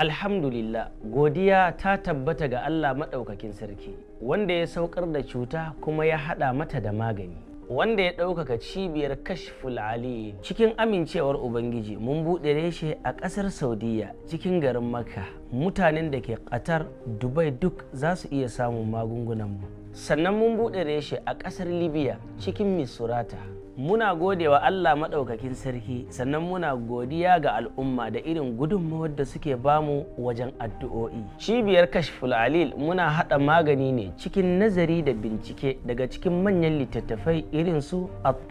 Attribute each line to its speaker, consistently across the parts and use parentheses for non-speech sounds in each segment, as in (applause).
Speaker 1: Alhamdulillah, godiya ta tabbata ga Allah maɗaukakin sarki, wanda ya saukar da cuta kuma ya haɗa mata da magani. Wanda ya ɗaukaka cibiyar kashful ali cikin amincewar Ubangiji mun buɗe reshe a ƙasar Saudiya cikin garin Makka. Mutanen da ke ƙatar Dubai duk za su iya samun magungunan mu. Sannan mun buɗe reshe a ƙasar Libya cikin Misurata. muna godewa Allah maɗaukakin sarki sannan muna godiya ga al'umma da irin gudunmawar da suke bamu wajen addu'o'i. Cibiyar Kashful Alil muna haɗa magani ne cikin nazari da bincike daga cikin manyan littattafai irin su at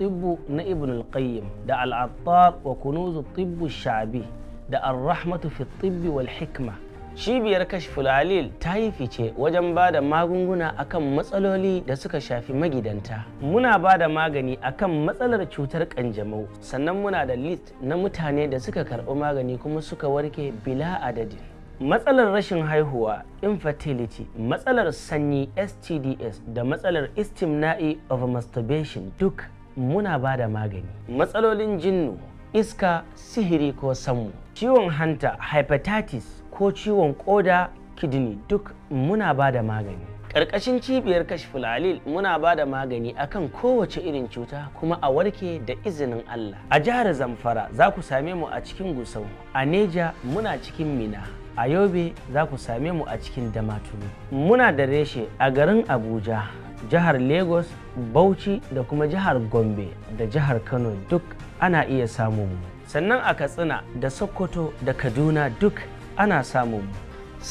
Speaker 1: na Ibn al-Qayyim da Al-Attar wa Kunuzu Tibbu Shabi da al rahmatu fi Tibbi wal Hikma. Cibiyar Kashi Fulalil ta yi fice wajen ba da magunguna akan matsaloli da suka shafi magidanta. Muna ba da magani akan matsalar cutar ƙanjamau, sannan muna da list na mutane da suka karɓi magani kuma suka warke bila adadin. matsalar rashin haihuwa infertility matsalar sanyi stds da matsalar istimna'i of masturbation duk muna ba da magani matsalolin jinnu iska sihiri ko sammu ciwon hanta hepatitis ko ciwon koda kidney duk muna ba da magani ƙarƙashin cibiyar kashful alil muna ba da magani akan kowace irin cuta kuma a warke da izinin Allah a jihar Zamfara za ku same mu a cikin Gusau a Neja muna cikin Mina a Yobe za ku same mu a cikin Damaturu muna da reshe a garin Abuja jihar Lagos Bauchi da kuma jihar Gombe da jihar Kano duk ana iya samun mu sannan a Katsina da Sokoto da Kaduna duk ana samun mu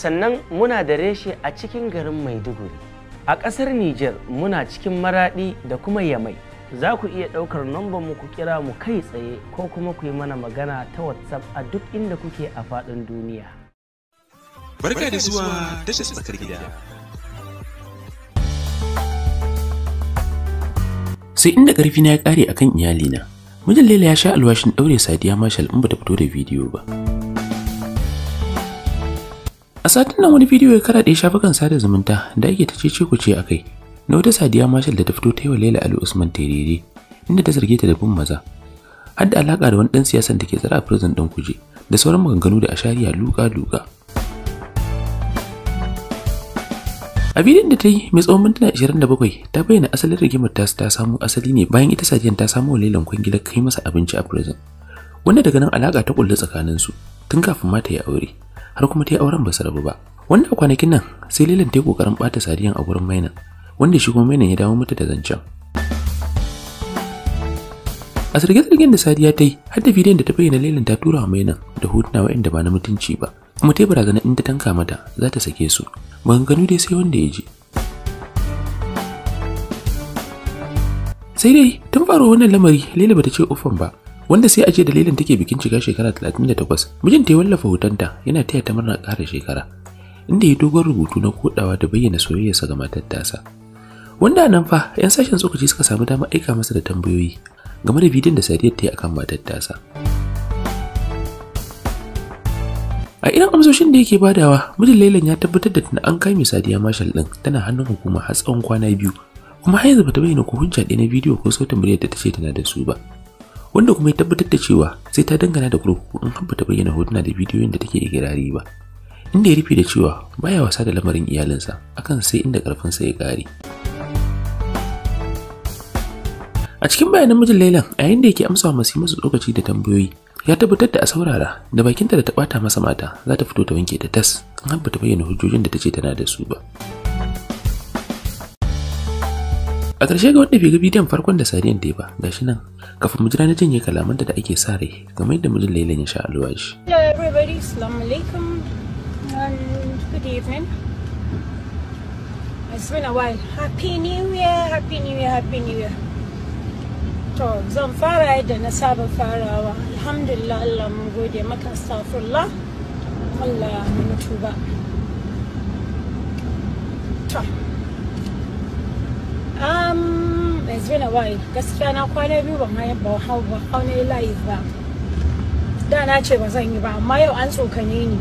Speaker 1: sannan muna da reshe a cikin garin maiduguri a ƙasar Nijar muna cikin maraɗi da kuma yamai za ku iya ɗaukar nomba mu ku kira mu kai tsaye ko kuma ku yi mana magana ta whatsapp a duk inda kuke a faɗin duniya
Speaker 2: barka da zuwa tashar tsakar gida sai inda ƙarfi na ya ƙare akan iyalina mujallela ya sha alwashin ɗaure sadiya mashal in ba ta fito da bidiyo ba a satin nan wani bidiyo ya karaɗe shafukan sada zumunta da ake ta ce ku ce akai na wata sadiya mashal da ta fito ta yi wa laila ali usman terere inda ta zarge ta da bin maza har da alaƙa da wani dan siyasan da ke tsara a prison ɗin kuje da sauran maganganu da ashariya luka-luka a bidiyon da ta yi mai tsawon mintuna 27 ta bayyana asalin rigimar ta ta samo asali ne bayan ita sadiyan ta samo lailan kwangilar kai masa abinci a prison wanda daga nan alaka ta tsakanin tsakaninsu tun kafin mata ta yi aure har kuma ta yi auren ba su rabu ba wanda a kwanakin nan sai Lilin ta yi kokarin bata sadiyan a gurin maina wanda shi kuma maina ya dawo mata da zancen a zirge zirgen da sadiya ta yi har da bidiyon da ta bayyana Lilin ta tura wa Maina da hotuna waɗanda ba na mutunci ba kuma ta yi barazana in ta tanka mata za ta sake su maganganu dai sai wanda ya ji sai dai tun faro wannan lamari lila bata ce ufan ba wanda sai a ce dalilin take bikin cika shekara 38 mijinta ya wallafa hotonta yana taya ta murna ƙara shekara inda ya dogon rubutu na kodawa da bayyana soyayyarsa ga matar tasa wanda nan fa yan sashen tsokaci suka samu dama aika masa da tambayoyi game da bidiyon da sadiyar ta yi akan matar tasa a irin amsoshin da yake badawa mijin lailan ya tabbatar da tana an kame sadiya marshal din tana hannun hukuma har tsawon kwana biyu kuma har bata bayyana ko hujja ɗaya na bidiyo ko sautin muryar da ta ce tana da su ba wanda kuma ya tabbatar da cewa sai ta dangana da kurkuku in habba bayyana hotuna da bidiyoyin da take igirari ba inda ya rufe da cewa baya wasa da lamarin iyalinsa akan sai inda karfinsa ya kare a cikin bayanan mijin lailan a yayin da yake amsa masu masu tsokaci da tambayoyi ya tabbatar da a saurara da bakinta da ta bata masa mata za ta fito ta wanke ta tas in habba bayyana hujjojin da ta ce tana da su ba. a ƙarshe ga wanda bai ga bidiyon farkon da sadiyan da ya ba gashi nan kafin mu jira na janye kalamanta da ake sa rai game da mijin lailan ya sha alwashi
Speaker 3: hello everybody zan fara yadda na saba farawa alhamdulillah Allah mun gode maka astaghfirullah Allah mun ba um it's been a while gaskiya na kwana biyu ban haya ba hau ba hau ne live ba da na ce ba zan yi ba amma yau an tsokane ni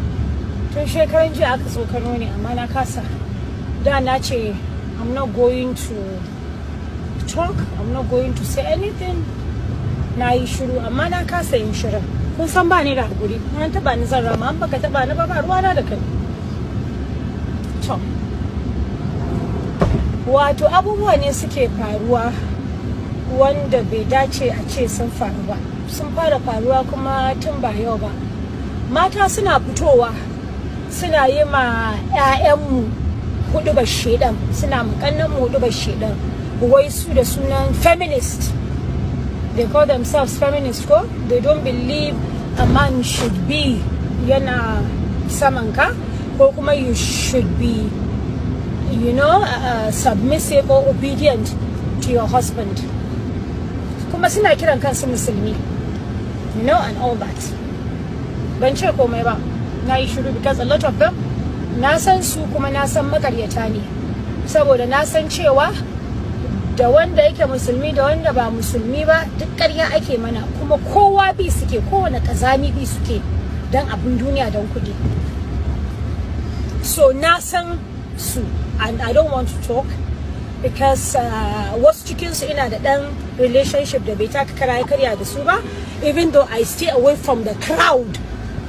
Speaker 3: tun shekaran jiya aka tsokano ne amma na kasa da na ce I'm not going to talk I'm not going to say anything na yi shiru amma na kasa yin shirin kun san ba ni da hakuri an taba ni zan rama an baka taba ni ba ba ruwana da kai to wato abubuwa ne suke faruwa wanda bai dace a ce sun faru ba sun fara faruwa kuma tun ba yau ba mata suna fitowa suna yi ma 'ya'yanmu hudu ba shedan suna mu hudu ba shedan wai su da sunan feminist they call themselves feminist ko they don't believe a man should be yana samanka ko kuma you should be you know uh, uh, submissive or obedient to your husband kuma suna kiran kansu musulmi you know and all that komai ba na shiru because a lot of them na san su kuma na san makaryata ne saboda na san cewa da wanda yake musulmi da wanda ba musulmi ba duk ƙarya ake mana kuma kowa bi suke kowane kazami bi suke don abin duniya don kuɗi so na san su and I don't want to talk because uh, wasu cikinsu ina da ɗan relationship da bai taka kara karya da su ba even though I stay away from the crowd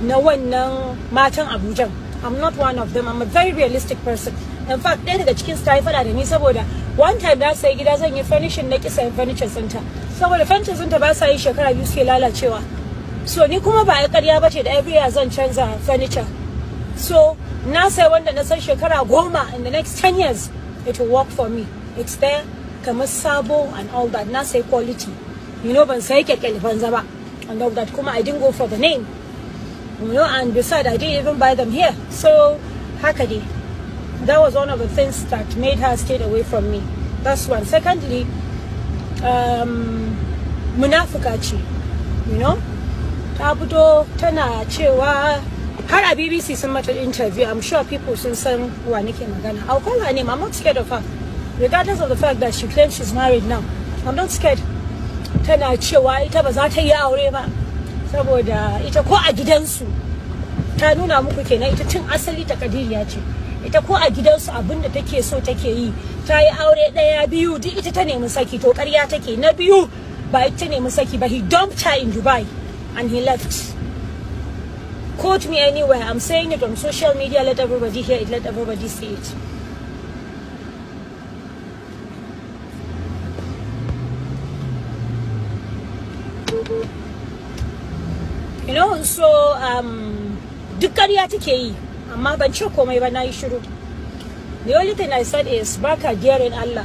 Speaker 3: na wannan matan Abuja I'm not one of them I'm a very realistic person in fact ɗaya daga cikin ta yi fada da ni saboda one time na sai gida zan yi furnishing na kisa yin furniture center saboda furniture center ba sa yi shekara biyu suke lalacewa so ni kuma ba a ƙarya ba ce da every year zan canza furniture So na sai wanda na san shakara goma in the next 10 years it will work for me. It's there Kamasabo sabo and all that. Na sai quality. You know ban sai banza ba. And all that kuma I didn't go for the name. You know and besides I didn't even buy them here. So Hakadi. That was one of the things that made her stay away from me. That's one. Secondly, um, munafuka you know Tabuto tena tana har a bbc sun mata interview i'm sure people sun san wa nake magana i'll call her name i'm not scared of her regardless of the fact that she claims she's married now i'm not scared tana cewa ita ba za ta yi aure ba saboda ita ko a gidansu ta nuna muku kenan ita tun asali ta kadiriya ce ita ko a gidansu abin da take so take yi ta yi aure ɗaya biyu duk ita ta nemi saki to ƙarya take na biyu ba ita nemi saki ba he dumped her in dubai and he left quote me anywhere. I'm saying it on social media. Let everybody hear it. Let everybody see it. You know, so um, duk ƙarya take yi, amma ban ce komai ba na yi shiru. The only thing I said is baka gerin Allah.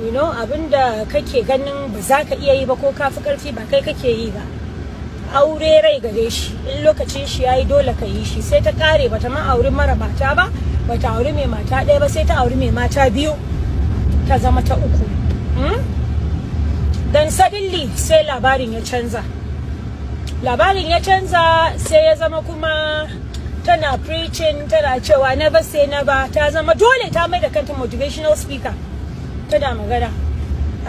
Speaker 3: You know, abinda kake ganin ba za ka iya yi ba ko ka fi ƙarfi ba kai kake yi ba. aure rai gare shi in lokacin shi yayi dole ka yi shi sai ta kare bata ma auri mara mata ba bata auri mai mata ɗaya ba sai ta auri mai mata biyu ta zama ta uku dan hmm? suddenly sai labarin ya canza labarin ya canza sai ya zama kuma tana preaching tana cewa never say never ta zama dole ta mai da kanta motivational speaker tana magana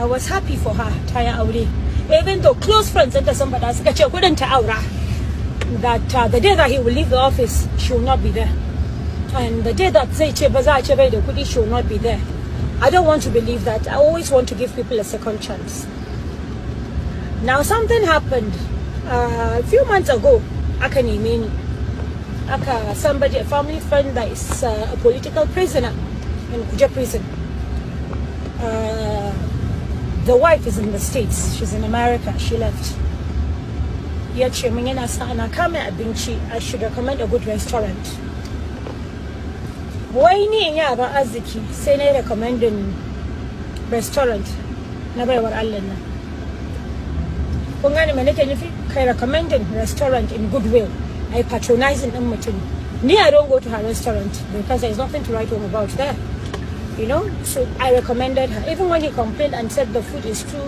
Speaker 3: i was happy for her ta yi aure even though close friends that somebody else suka ce not tell aura that uh, the day that he will leave the office she will not be there and the day that they ce ba za a she will not be there I don't want to believe that I always want to give people a second chance now something happened uh, a few months ago aka neme ni aka somebody a family friend that is uh, a political prisoner in Kuja prison uh, the wife is in the States. She's in America. She left. Yet I should recommend a good restaurant. Why? Ni yaba arziki Say na recommending restaurant na baiwar Allah na. Kun gane me nake nufi? Kai recommending restaurant in goodwill. I patronizing din mutum. Ni I don't go to her restaurant because there's nothing to write home about there. you know so i recommended her even when he complained and said the food is too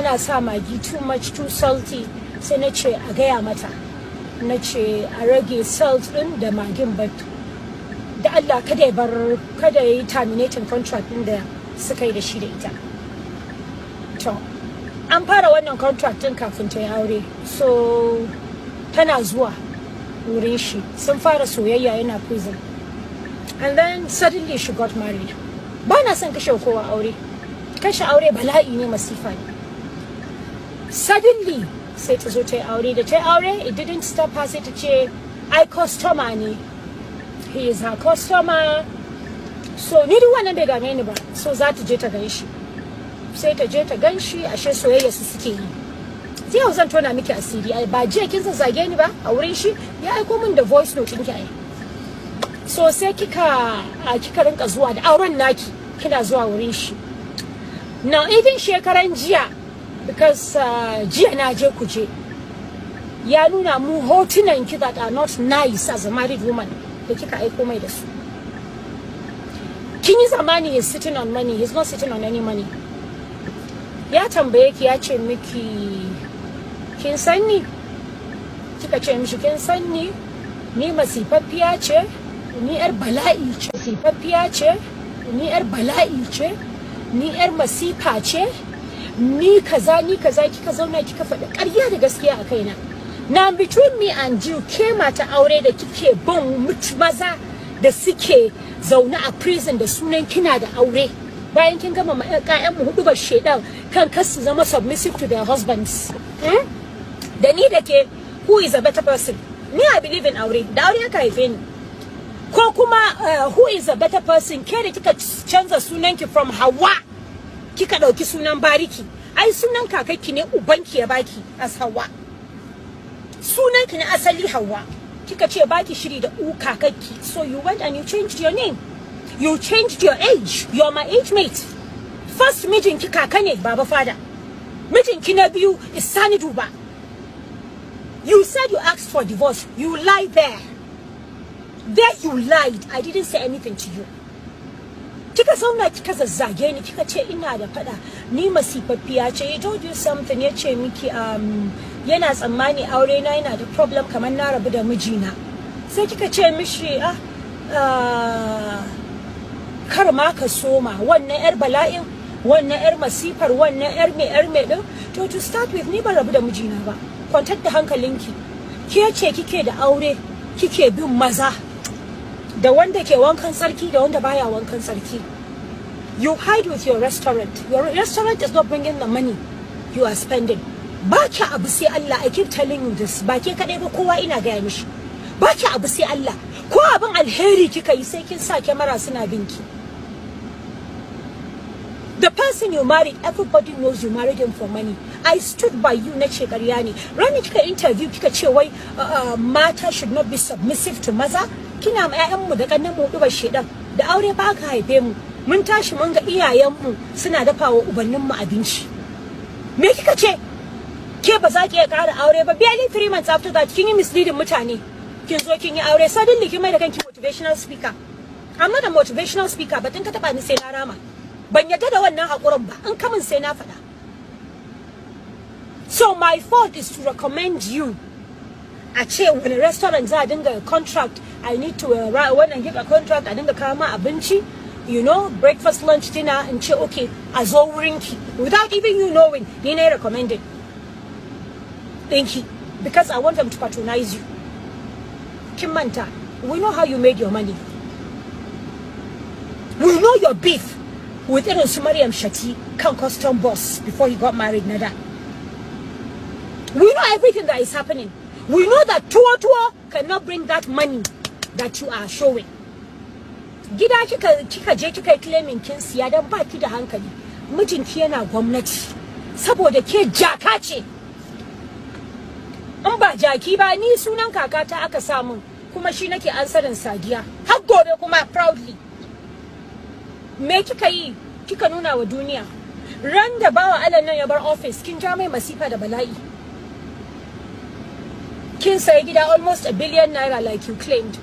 Speaker 3: ana sa magi too much too salty sai na ce a gaya mata na ce a rage salt din da magin but da Allah kada ya bar kada ya yi terminating contract din da suka yi da shi da ita to an fara wannan contract din kafin ta yi aure so tana zuwa wurin shi sun fara soyayya yana prison and then suddenly she got married ba na son kashe kowa aure kashe aure bala'i ne masifa ne suddenly sai ta zo ta yi aure da ta yi aure it didn't stop her sai ta ce ai customer ne he is her customer so ni duk wannan bai game ni ba so za ta je ta gan shi sai ta je ta gan shi ashe soyayya su suke yi sai yau zan tona miki asiri ai ba jiya kin zage ni ba a wurin shi ya aiko min da voice note ɗinki ai so sai kika kika rinka zuwa da auren naki kina zuwa wurin shi na idan shekaran jiya because uh, jiya na je kuje ya nuna mu hotunan ki that are not nice as a married woman da kika aiko mai da su kin yi zamani is sitting on money he's not sitting on any money ya tambaye ki ya ce miki kin san ni kika ce mishi kin san ni ni masifaffiya ce ni yar bala'i ce masifaffiya ce ni yar bala'i ce ni yar masifa ce ni kaza ni kaza kika zauna kika faɗi ƙarya da gaskiya a kaina na between me and you ke mata aure da kike bin maza da suke zaune a prison da sunan kina da aure bayan kin gama ƴaƴan mu hudu ba shedan kan kasu zama submissive to their husbands hmm? da ni da ke who is a better person ni i believe in aure da aure ka haife ni ko kuma eh, who is a better person ke da kika canza sunanki from hawa kika ɗauki sunan bariki ai sunan kakakki ne ubanki ya baki as hawa sunanki na asali hawa kika ce baki shiri da u kakakki so you went and you changed your name you changed your age you are my age mate first meeting kika ne baba father. Meeting kinebiu biyu is sani duba you said you asked for divorce you lie there there you lied i didn't say anything to you kika zauna kika zazzage ni kika ce ina da fada ni ya ce ya told you something ya ce miki um, yana tsammani aure na yana da problem kamar na rabu da mijina sai kika ce mishi ah uh, kar ma ka soma wannan yar bala'in wannan yar masifar wannan yar mai yar me din to to start with ni ban rabu da mijina ba kwantar da hankalinki ke ce kike da aure kike bin maza da wanda ke wankan sarki da wanda baya wankan sarki you hide with your restaurant your restaurant is not bringing the money you are spending ba ki abu sai Allah I keep telling you this ba ke kadai ba kowa ina gaya mishi ba ki abu sai Allah ko abin alheri kika yi sai kin sa kyamara suna binki the person you married everybody knows you married him for money I stood by you na ce karya ne ranar kika interview kika ce wai uh, uh, mata should not be submissive to maza kina ma mu da mu duba shi dan da aure ba ka haife mu mun tashi mun ga iyayenmu suna dafa wa ubanninmu abinci me kika ce ke ba za ki iya ƙara aure ba barely three months after that kin yi misleading mutane kin zo kin yi aure suddenly kin mai da kanki motivational speaker I'm not a motivational speaker but in ka taba ni sai na rama ban yadda da wannan hakurin ba in kamun sai na faɗa so my fault is to recommend you a ce wani restaurant za a dinga contract I need to uh, and give a contract a dinga kawo ma abinci you know breakfast lunch dinner and ce okay as all wurinki without even you knowing Nina recommended. recommended you, because I want them to patronize you Kimanta, manta we know how you made your money we know your beef with irin su Maryam Shati kan custom boss before he got married Nada. We know everything that is happening. We know that Tuo Tuo cannot bring that money that you are showing gida kika kika je kika yi claiming kin siya dan ba ki da hankali mijinki yana gwamnati saboda ke jaka ce in ba jaki ba ni sunan kakata aka samu kuma shi nake ansarin sadiya har gobe kuma proudly me kika yi kika nuna wa duniya ran da bawa alan nan ya bar office kin ja mai masifa da bala'i kin sayi gida almost a billion naira like you claimed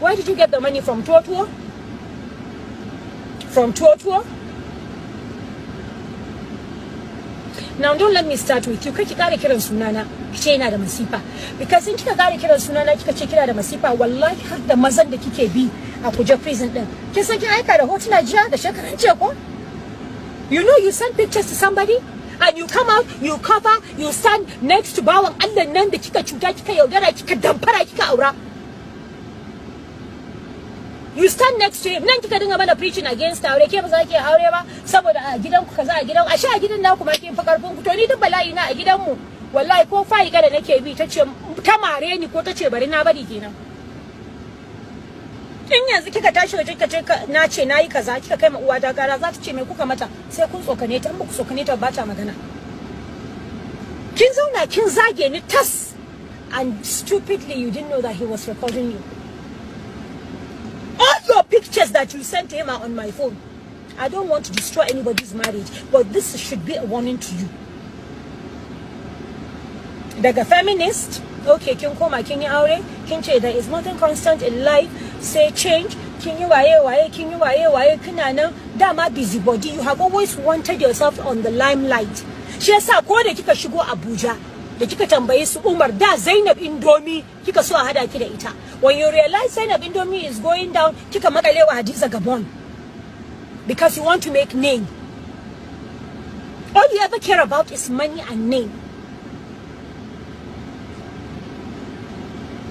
Speaker 3: Where did you get the money from Tuotuo? From Tuotuo? Now don't let me start with you. Kai ki kare kiran sunana, ki ce ina da masifa. Because in kika kare kiran sunana kika ce kina da masifa, the har da mazan da kike bi a kuje prison din. Kin san kin aika da hotuna jiya da shekaran jiya ko? You know you send pictures to somebody and you come out, you cover, you stand next to bawan Allah nan da kika cuta kika a kika damfara kika aura. you stand next to him nan kika dinga mana preaching against aure ke ba za ki aure ba saboda a gidan ku kaza a gidan a sha a gidan naku ma kin fi karfin ku to ni duk bala'i na a gidan mu wallahi ko fai da nake bi tace ta mare ni ko tace bari na bari kenan in yanzu kika tashi waje kika ce na ce nayi kaza kika kai ma uwa ta gara za ta ce me kuka mata sai kun tsokane ta in ku tsokane ta ba ta magana kin zauna kin zage ni tas and stupidly you didn't know that he was recording you pictures that you sent to him are on my phone. I don't want to destroy anybody's marriage, but this should be a warning to you. Daga feminist, okay, kin koma kin yi aure, kin ce there is nothing constant in life, say change, kin yi waye waye, kin yi waye waye, kina nan dama busybody, you have always wanted yourself on the limelight. She Shi yasa ko da kika shigo Abuja, da kika tambaye su Umar da Zainab Indomi kika so hada ki da ita when you realize Zainab Indomi is going down kika makalewa Hadiza Gabon because you want to make name all you ever care about is money and name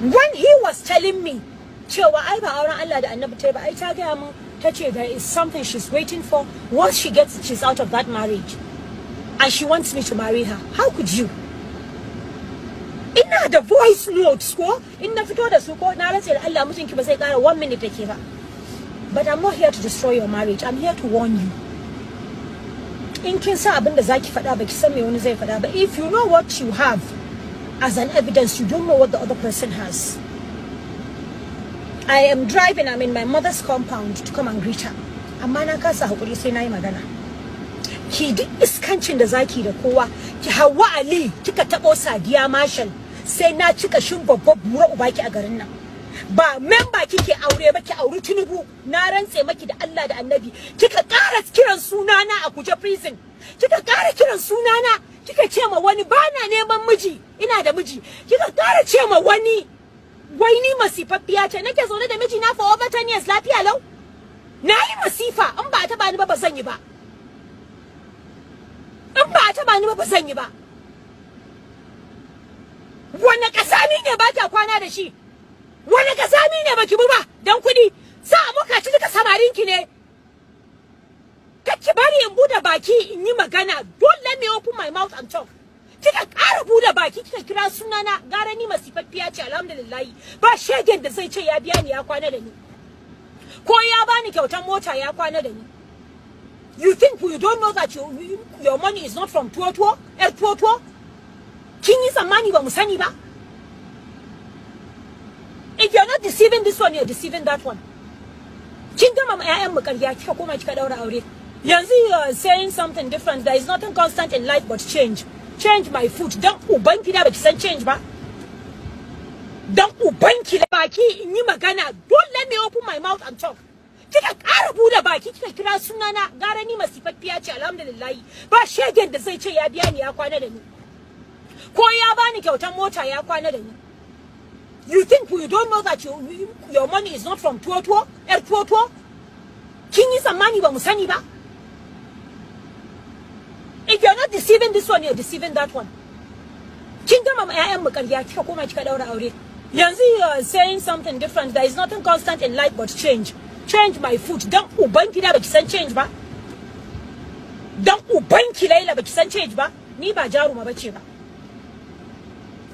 Speaker 3: when he was telling me cewa ai ba auren Allah da Annabi ta ba ai ta ga tace there is something she's waiting for once she gets she's out of that marriage and she wants me to marry her how could you ina da voice notes ko in na fito da su ko na rantse da Allah mijinki ba sai kara one minute da ke ba but I'm not here to destroy your marriage I'm here to warn you in kin sa abin da zaki faɗa ba ki san me wani zai faɗa ba if you know what you have as an evidence you don't know what the other person has I am driving I'm in my mother's compound to come and greet her amma na kasa hakuri sai na yi magana ki duk iskancin da zaki da kowa ki hawa ali kika taɓo sadiya marshal sai na cika shin babban bura uba ki a garin nan ba memba kike aure ba ki auri tunubu na rantse maki da Allah da Annabi kika ƙara kiran sunana a kuje prison kika ƙara kiran sunana kika ce ma wani bana neman miji ina da miji kika ƙara ce ma wani wai ni masifaffiya ce nake zaune da miji na for over 10 years lafiya lau na yi masifa in ba a taba ni ba ba zan yi ba in ba a taba ni ba ba zan yi ba wani kasami ne ba kya kwana da shi wani kasami ne baki bu ba dan kudi. sa abuka ci duka samarin ki ne kaki bari in bude baki in yi magana don let me open my mouth and talk kika ƙara bude baki kika kira sunana gara ni masifaffiya ce alhamdulillahi ba shegen da zai ce ya biya ni ya kwana da ni ko ya bani kyautar mota ya kwana da ni you think you don't know that you, your money is not from Tuotuo? tuwo Tuotuo? Eh, kin yi tsammani ba mu sani ba if you are not deceiving this one you are deceiving that one kin gama ma ƴaƴan mu ƙarya kika koma kika daura aure yanzu you are saying something different there is nothing constant in life but change change my foot dan uban gida baki san change ba dan uban ki baki in yi magana don't let me open my mouth and talk kika ƙara bude baki kika kira sunana gara ni masifaffiya ce alhamdulillah ba shegen da zai ce ya biya ni ya kwana da ni ko ya bani kyautar mota ya kwana da ni you think you don't know that you, your money is not from tuwo-tuwo yar er tuwo-tuwo kin yi tsammani ba mu sani ba if you're not deceiving this one you're deceiving that one kin gama ma ƴaƴan mu ƙarya kika koma kika daura aure yanzu you are saying something different there is nothing constant in life but change change my foot dan uban gida baki san change ba dan uban ki laila baki san change ba ni ba jaruma bace ba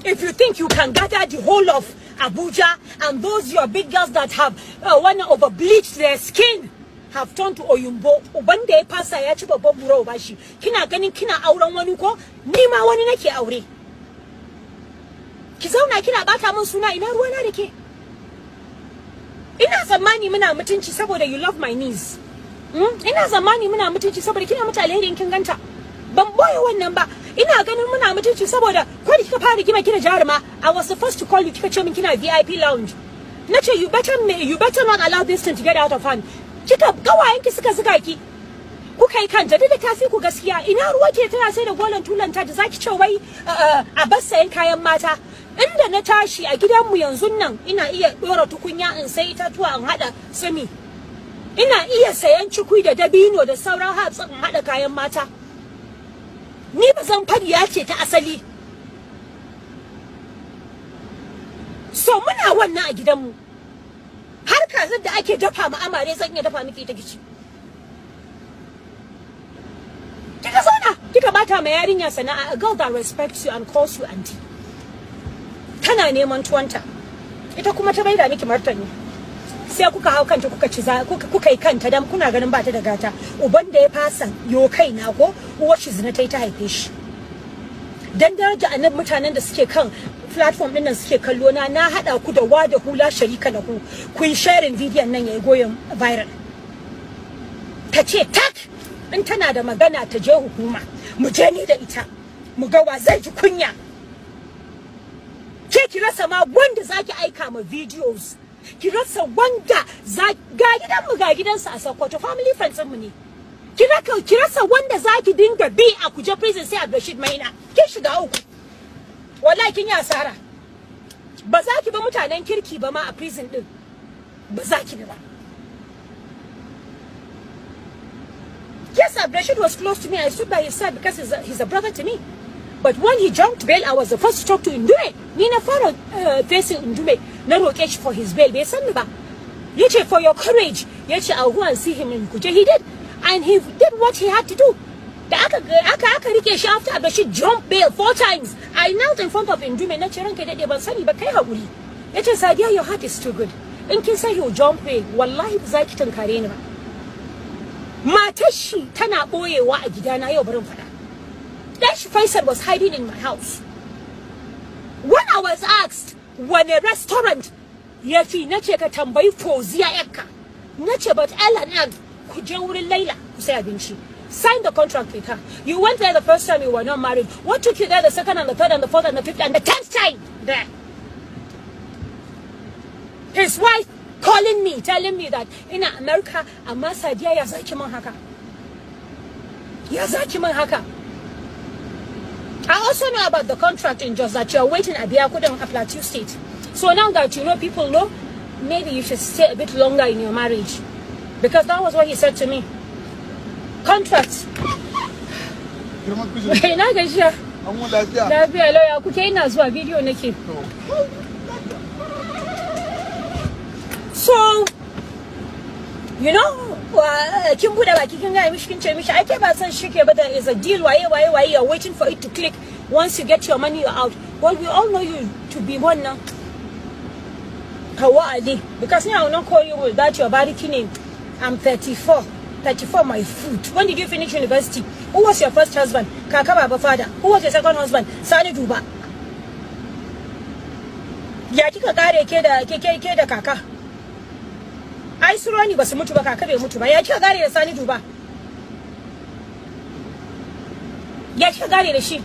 Speaker 3: If you think you can gather the whole of Abuja and those your big girls that have uh, one over bleached their skin have turned to Oyumbo, wanda ya pass ya ci babban buro ba shi. Kina ganin kina auren wani ko ni ma wani nake aure. Ki zauna kina bata min suna ina ruwana da ke. Ina tsammani muna mutunci saboda you love my niece. Hmm? Ina tsammani muna mutunci saboda kina mutane alheri kin ganta. Ban boye wannan number. ina ganin muna mutunci saboda ko kika fara gima kina jaruma I was supposed to call you kika ce min kina VIP lounge na ce you better you better not allow this thing to get out of hand kika gawayenki suka zuga ki kuka yi kan da ta ku gaskiya ina ruwa ke tana sai da golan tulanta da zaki ce wai a bar sayan kayan mata inda na tashi a gidanmu yanzu nan ina iya dora tukunya in sai tuwa in hada sumi ina iya sayan cikui da dabino da sauran hatsin in hada kayan mata ni ba zan fariya ce ta asali so muna wannan a gidanmu har kazar da ake dafa mu amare zan iya dafa miki ta gici kika zauna kika bata ma yarinya sana'a a girl that respects you and calls you auntie tana neman tuwanta ita kuma ta bai da miki martani sai kuka hau kanta kuka ci kuka yi kanta dan kuna ganin ba ta da gata uban da ya fasa yo kai na ko uwar shi zina ta ta haife shi dan daraja annab mutanen da suke kan platform din nan suke kallo na na hada ku da wada hula sharika da ku ku yi sharing bidiyon nan yayi goyon viral ta ce tak in tana da magana ta je hukuma mu je ni da ita mu ga wa zai ji kunya ke ki rasa ma wanda zaki aika ma videos ki rasa wanda za ga gidanmu ga gidansa a Sokoto family friends mu ne ki raka ki rasa wanda za ki dinga bi a kuje prison sai Abdulrashid Maina kin shiga uku wallahi kin yi asara ba za ki ba mutanen kirki ba ma a prison din ba za ki ba Yes, Abdulrashid was close to me. I stood by his side because he's a, he's a brother to me. But when he jumped bail, I was the first to talk to Ndume. Ni na fara uh, facing Ndume na roke for his bail. Bai san ba. for your courage. Yet I'll go and see him in Kuche. He did. And he did what he had to do. Da aka aka aka rike shi after Abashi jumped bail four times. I knelt in front of Ndume na ce ranka dade ban sani ba kai hakuri. Yace Sadiya your heart is too good. In kin he'll jump bail wallahi ba za ki tunkare ni ba. Matar shi tana boyewa a that person was hiding in my house. When I was asked, when a restaurant, yefi na ce ka tambayi fauziya yakka. Na but Ellen and ku je wurin Laila ku Sign the contract with her. You went there the first time you were not married. What took you there the second and the third and the fourth and the fifth and the tenth time there? His wife calling me, telling me that in America, a Sadiya ya zaki man haka. Ya zaki I also know about the contract in just that you're waiting at the airport on Plateau State. So now that you know people know, maybe you should stay a bit longer in your marriage. Because that was what he said to me. Contract. (laughs) So you know uh, kin can't kin ga mishi can't mishi ai I ba san shi ke ba there is a deal Why? Why? Why? you're waiting for it to click once you get your money you're out well we all know you to be one now Kawadi because now I will not call you with that your bariki name I'm 34 34 my foot when did you finish university who was your first husband kaka baba father who was your second husband sani duba ya kika kare a da ke ke ai suroni ba su mutu ba kaka bai mutu ba ya kika gare da sani duba ya kika gare da shi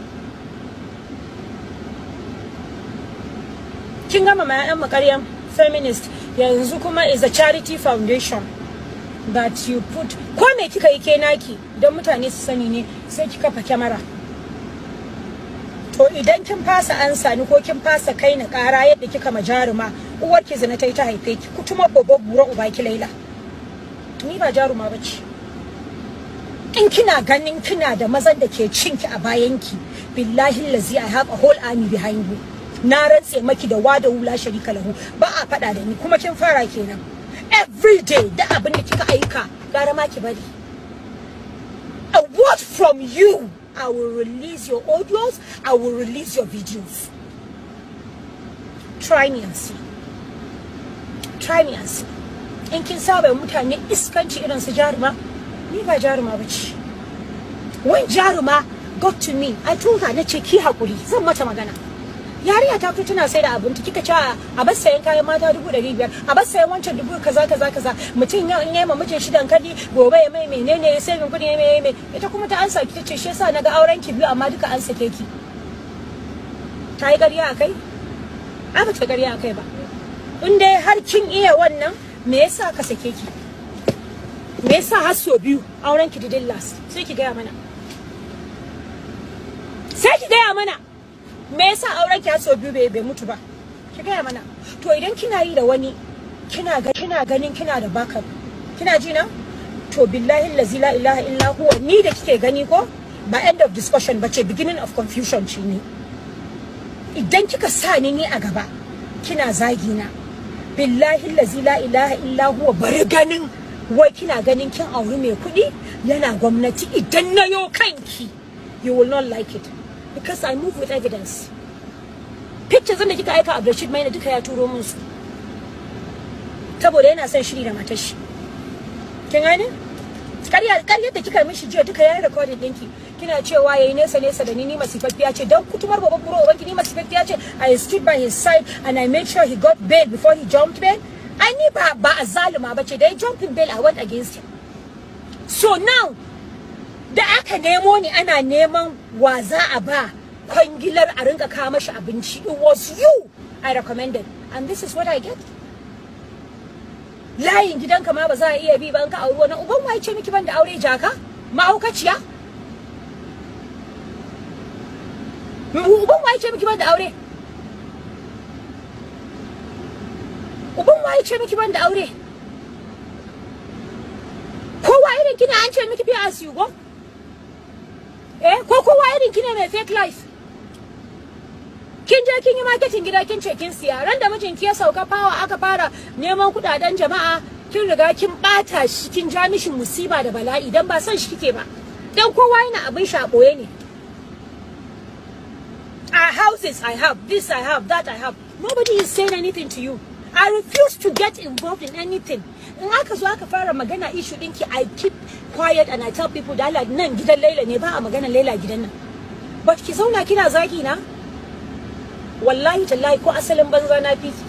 Speaker 3: kin gama ma yan makaryan feminist yanzu kuma is a charity foundation that you put ko me kika yi kenaki naki don mutane su sani ne sai kika fa kamara. to idan kin fasa ansa ni ko kin fasa kai na kara yadda kika ma jaruma uwar ki zina ta yi ta haife ki kutuma babbar bura uba ki laila ni ba jaruma bace in kina ganin kina da mazan da ke cin ki a bayan ki billahi lazi i have a whole army behind me na rantse maki da wada wula sharika lahu ba a fada da ni kuma kin fara kenan every day da abin da kika aika gara ma ki bari a word from you I will release your audios. I will release your videos. Try me and see. Try me and see. In kin Mutani mutane iskanci irin su jaruma, ni jaruma which When jaruma got to me, I told her na ce ki So much, mata magana. yariya ta tana sai da abinci kika ce a bar sayan kayan mata dubu ɗari biyar a bar sayan wancan dubu kaza kaza kaza mutum ya in yema mijin shi dankali gobe ya mai menene ya sai kuɗi ya mai mai ita kuma ta ansa kita ce shi yasa naga auren ki biyu amma duka an sake ki ta yi ƙarya a kai a ba ta ƙarya a kai ba in dai har kin iya wannan me yasa ka sake ki me yasa har so biyu auren ki didin last sai ki gaya mana sai ki gaya mana me yasa auren ki so biyu bai mutu ba ki gaya mana to idan kina yi da wani kina ga kina ganin kina da bakar kina ji na to billahi lazi la ilaha illa huwa ni da kike gani ko ba end of discussion ba ce beginning of confusion ce ne idan kika sa ni ni a gaba kina zagi na billahi lazi la ilaha illa huwa bari ganin wai kina ganin kin auri mai kuɗi yana gwamnati idan na yo kanki you will not like it because I move with evidence. Pictures da the jikaika a Brashid Maina duka ya turo min su. Saboda yana son shiri da matar shi. Kin gane? Kariya kariya da kika mishi jiya duka yayin recording ɗinki. Kina cewa wa yene nesa da nini ni masifaffiya ce dan kutumar babban buro ubanki ni masifaffiya ce. I stood by his side and I made sure he got bail before he jumped bail. I ni ba ba azaluma They jumped in bail I went against him. So now da aka nemo ni ana neman wa za a ba kwangilar a rinka kawo mashi abinci it was you I recommended and this is what I get layin gidanka ma ba za a iya bi ba ka auri wani uban waye ce miki ban da aure jaka ma'aukaciya uban waye ce miki ban da aure uban waye ce miki ban da aure kowa irin kina an ce miki bi as you go eh ko kowa irin kine mai fake life kin je kin yi marketing gida kin ce kin siya ran da mijinki ya sauka fawa aka fara neman kudaden jama'a kin riga kin bata shi kin ja mishi musiba da bala'i dan ba son shi kike ba dan kowa yana abin shi boye ne I have this, I have this, I have that, I have. Nobody is saying anything to you. I refuse to get involved in anything. in aka zo aka fara magana ishu ɗinki i keep quiet and i tell people dala nan gidan laila ne ba a magana laila gidan nan but ki zauna kina zagi na wallahi tallahi ko asalin banza na fiki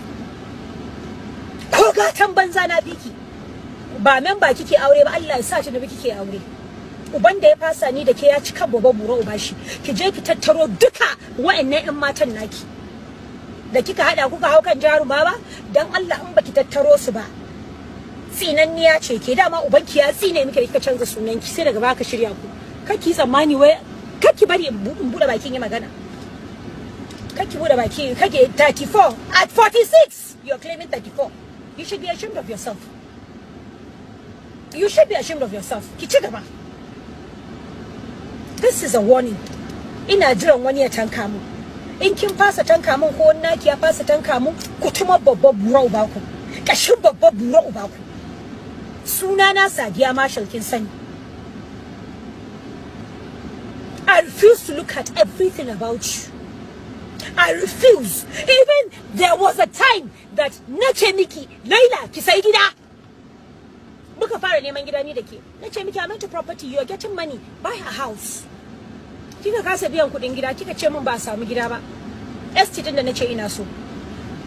Speaker 3: ko gatan banza na fiki ba ba kike aure ba Allah ya sa ta nabi kike aure uban da ya fasa ni da ke ya cika baba buro uba shi ki je ki tattaro duka wa'annan yan matan naki da kika hada kuka hau kan jaruma ba dan Allah in baki tattaro su ba tsinanniya ce ke dama ubanki ya tsine miki kika canza sunan ki sai daga baka shirya ku wai bari in bude bakin yi magana bude baki kake 34 at 46 you're claiming 34 you should be ashamed of yourself you should be ashamed of yourself ki ci gaba this is a warning ina jiran wani ya tanka mu in kin fasa tanka mun ko naki ya fasa tanka mun ku tuma babbar burau ba ku kashin babbar burau ba ku suna na Sadiya Marshall kin sani I refuse to look at everything about you I refuse even there was a time that nace miki Laila ki sai gida muka fara neman gida ni da ke nace miki I'm into property you are getting money buy a house kika kasa biyan kuɗin gida kika ce min ba a samu gida ba estate din da nace ina so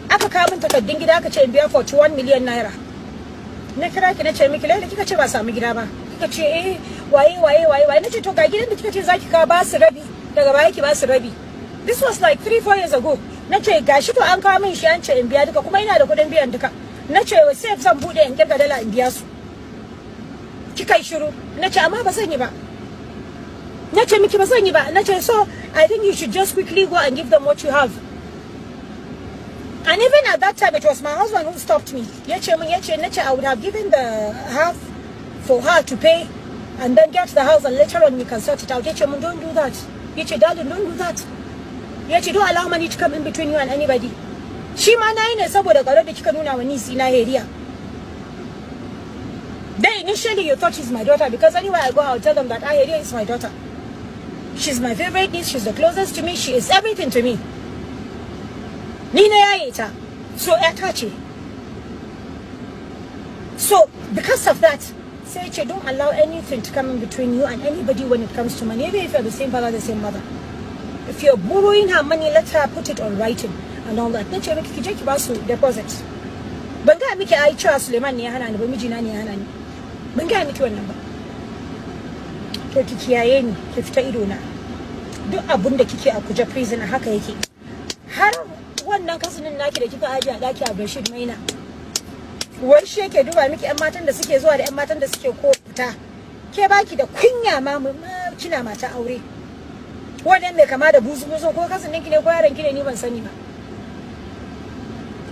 Speaker 3: aka kawo min takardun gida aka ce in biya 41 million naira na kira ki na ce miki lalle kika ce ba samu gida ba kika ce eh waye waye waye waye nace to ga gidan da kika ce zaki ka ba su rabi daga baya ki ba su rabi this was like 3 4 years ago nace gashi to an kawo min shi an ce in biya duka kuma ina da kuɗin biyan duka nace sai zan bude in kirga dala in biya su kika yi shiru nace amma ba zan yi ba nace miki ba zan yi ba nace so i think you should just quickly go and give them what you have And even at that time, it was my husband who stopped me. I would have given the half for her to pay and then get the house and later on we can sort it out. Yechemun, don't do that. Yeche, darling, don't do that. Yeche, don't allow money to come in between you and anybody. She manaine saboda garo da kika nuna wani sina area. initially you thought she's my daughter because anywhere I go, I'll tell them that Aheria ah, is my daughter. She's my favorite niece. She's the closest to me. She is everything to me linear so atace so because of that say che don't allow anything to come in between you and anybody when it comes to money even if you're the same father the same mother if you're borrowing her money let her put it on writing and all that nace miki ki je deposit ban ga miki ai cewa Suleiman ne ya hana ni ba mijina ne ya hana ni miki to ki kiyaye ni ki fita ido na duk abun a haka wannan kasinin naki da kika aji a daki a Bashir Maina wai shi yake duba miki yan matan da suke zuwa da yan matan da suke ko fita ke baki da kunya ma mu kina mata aure wannan mai kama da buzu buzu ko kasinin ki ne ko yaron ki ne ni ban sani ba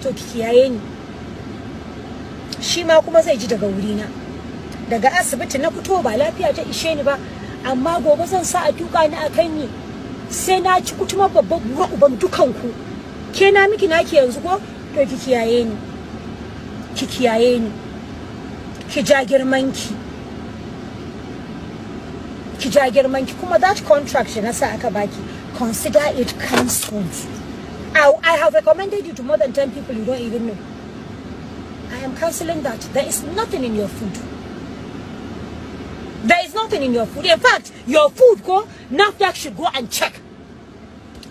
Speaker 3: to kiki yaye ni shi ma kuma zai ji daga wuri na. daga asibiti na fito ba lafiya ta ishe ni ba amma gobe zan sa a tuka ni a kan ni sai na ci kutumar babban uban dukanku kena miki naki yanzu ko to ki kiyaye ni ki ni ki kuma that contraction na sa aka baki consider it cancelled I, I have recommended you to more than 10 people you don't even know I am cancelling that there is nothing in your food there is nothing in your food in fact your food go NAFDAC should go and check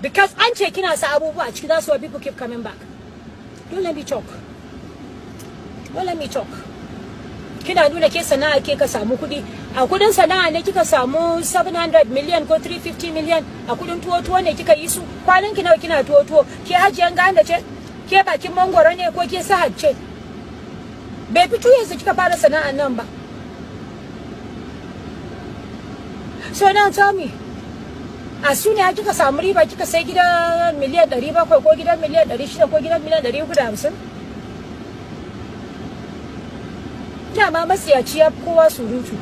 Speaker 3: because an ce kina sa abubuwa a ciki that's why people keep coming back don't let me talk don't let me talk kina nuna ke sana'a ke ka samu kuɗi a kudin sana'a ne kika samu 700 million ko 350 million a kudin tuwo tuwo ne kika yi su kwanan ki nawa kina tuwo tuwo ke hajiyan ganda ce ke bakin mangoro ne ko ke sahar ce bai fi two years kika fara sana'an nan ba so now tell me a su ne kika samu riba kika sai gidan miliyan 700 ko gidan miliyan 600 ko gidan miliyan 350 dama ya kowa surutu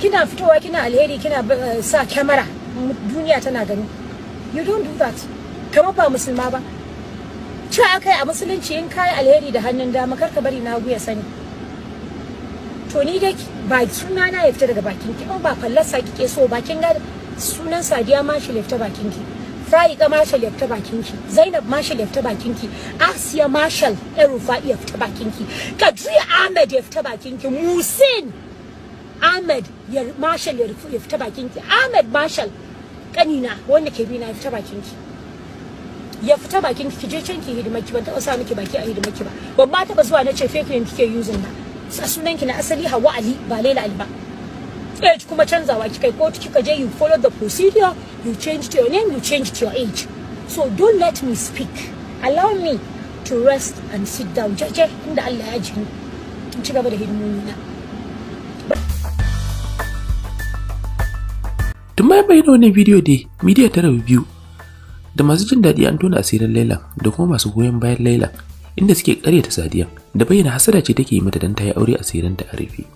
Speaker 3: kina fitowa kina alheri kina eh, sa kyamara duniya tana gani you don't do that kamar ba musulma ba ci akai a musulunci in kayi alheri da hannun dama kar ka bari na ya sani to ni dai ba suna na ya fita daga bakin ki ba fallasa kike so bakin gada sunan sadiya mashilif ta bakinki Fa'iqa Marshal ya fita bakinki, Zainab Marshal ya fita bakinki, Asiya Marshal ɗan Rufa'i ya fita bakinki, Kadriya Ahmed ya fita bakinki, Musin Ahmed ya Marshal ya fita bakinki, Ahmed Marshal kanina wanda ke bina ya fita bakinki. Ya fita bakinki ki je can ki ki ban taɓa sa miki baki a ki ba. Ban ma taɓa zuwa na ce fake kike using ba, sunan ki na asali hawa Ali ba Laila Ali ba. age kuma canzawa kika kotu kika je you follow the procedure you changed your name you changed your age so don't let me speak allow me to rest and sit down jaje inda Allah ya ji in ci gaba da hidimomi na
Speaker 2: Tumai bai da wani bidiyo dai media ta rabu biyu da masu jin daɗi an tona asirin Laila da
Speaker 1: kuma masu goyon bayan Laila inda suke ta Sadiya da bayyana hasada ce take yi mata dan ta yi aure asirin ta a